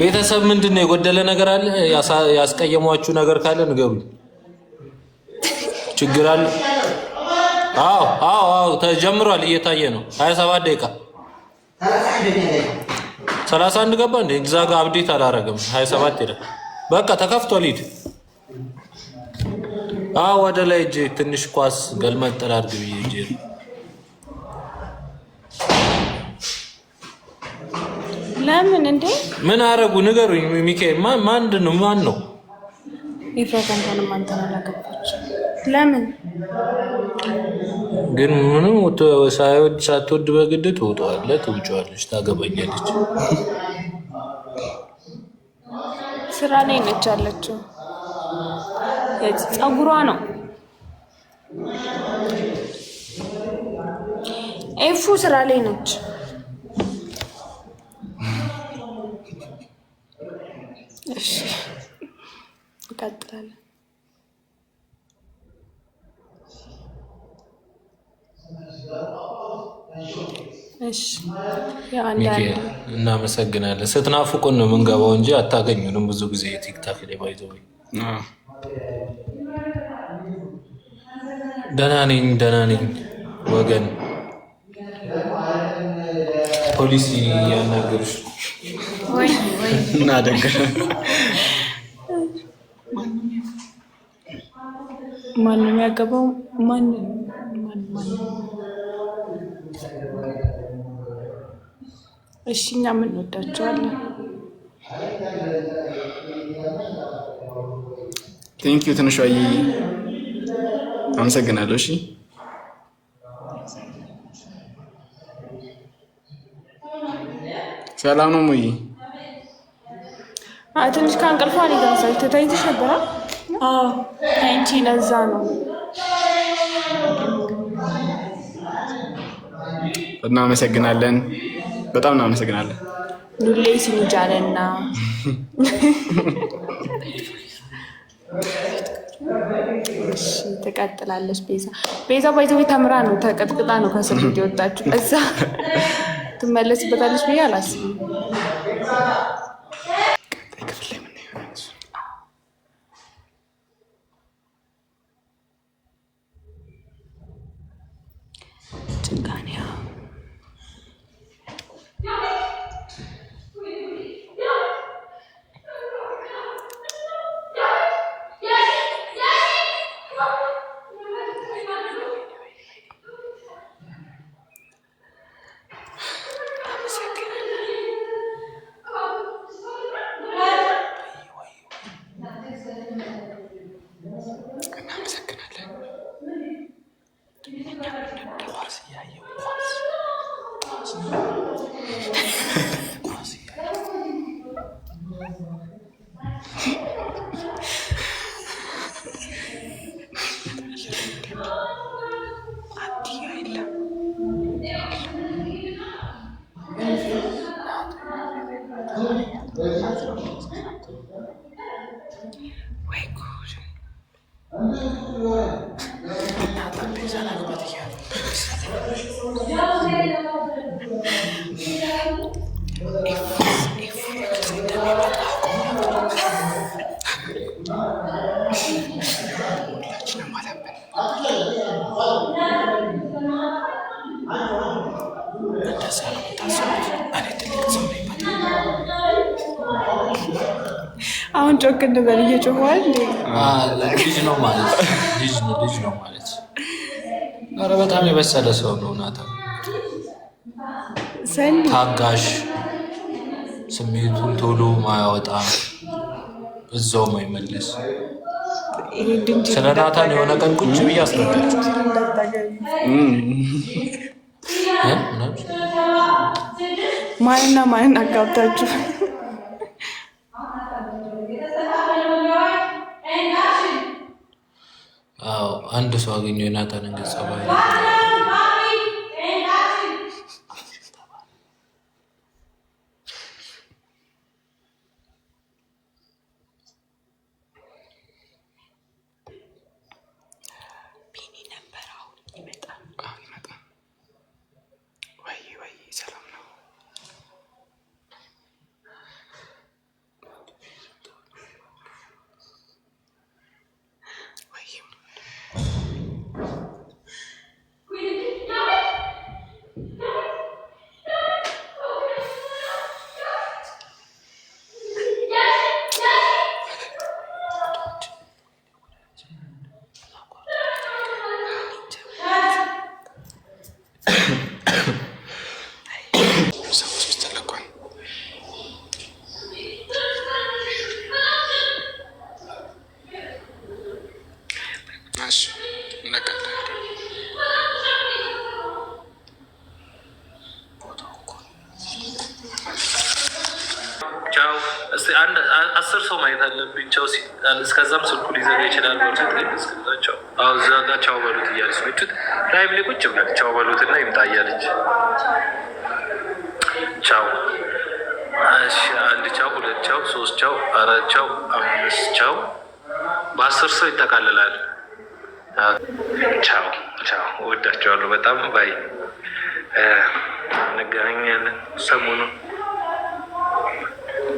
ቤተሰብ ምንድን ነው የጎደለ ነገር አለ? ያስቀየሟችሁ ነገር ካለ ንገሩ። ችግር አለ? አዎ አዎ አዎ፣ ተጀምሯል፣ እየታየ ነው። ሀያ ሰባት ደቂቃ ሰላሳ አንድ ገባ እንዴ? እዛ ጋር አብዴት አላረግም። ሀያ ሰባት ሄደ። በቃ ተከፍቷል። ሂድ። አዎ ወደ ላይ እጅ ትንሽ ኳስ ገልመጥ አድርግ ብዬ እጄ ለምን እንዴ? ምን አረጉ ንገሩኝ። ሚካኤል ማንድ ነው? ማን ነው? ኤፍራታ እንኳንም አንተን ለምን ግን ምንም ሳይወድ ሳትወድ በግድ ትውጠዋለህ፣ ትውጫዋለች፣ ታገባኛለች። ስራ ላይ ነች ያለችው። ፀጉሯ ነው ኤፉ ስራ ላይ ነች። እንቀጥላለን። እናመሰግናለን። ስትናፍቁን ነው የምንገባው እንጂ አታገኙንም። ብዙ ጊዜ ቲክታክ ላይ ባይዘ ደህና ነኝ ደህና ነኝ ወገን፣ ፖሊሲ እያናገሩሽ እናደግ ማንም የሚያገባው ማን እሺ፣ እኛ የምንወዳቸዋለን። ቴንኪዩ ትንሿ አመሰግናለሁ። እሺ ሰላም ነው ሙይ ትንሽ ከእንቅልፏ እኔ ጋር መሰለኝ ተኝተሽ ነበረ። ተኝቼ ለዛ ነው። እናመሰግናለን፣ በጣም እናመሰግናለን። ሉሌ ስንጃለና ትቀጥላለች። ቤዛ ቤዛ ባይዘ ተምራ ነው ተቀጥቅጣ ነው ከስር እንዲወጣችሁ እዛ ትመለስበታለች ብዬ አላስብም። ጭካኔያ ጠረጴዛ ላግባት እያለ አሁን ጮክ እንበል። እየጮኋል ነው ማለት ልጅ ነው ልጅ ነው ማለት። ኧረ በጣም የበሰለ ሰው ነው። ናታ ታጋሽ፣ ስሜቱን ቶሎ ማያወጣ እዛው ማይመለስ ስለ ናታን የሆነ ቀን ቁጭ ብዬ አስረዳችሁ ማንና ማንን አጋብታችሁ አንድ ሰው አገኘው የናታንን ገጸ ባህሪ ቻው አስር ሰው ማየት አለብኝ ቻው። እስከዛም ስልኩ ሊዘጋ ይችላል። ወርሰት ላይ ስክታቸው እዛ ጋር ቻው በሉት እያለች ስችት ላይቭ ላይ ቁጭ ብላል። ቻው በሉት እና ይምጣ እያለች ቻው። እሺ አንድ ቻው፣ ሁለት ቻው፣ ሶስት ቻው፣ አራት ቻው፣ አምስት ቻው። በአስር ሰው ይጠቃልላል። ቻው ቻው፣ እወዳቸዋለሁ በጣም ባይ። እንገናኛለን ሰሞኑን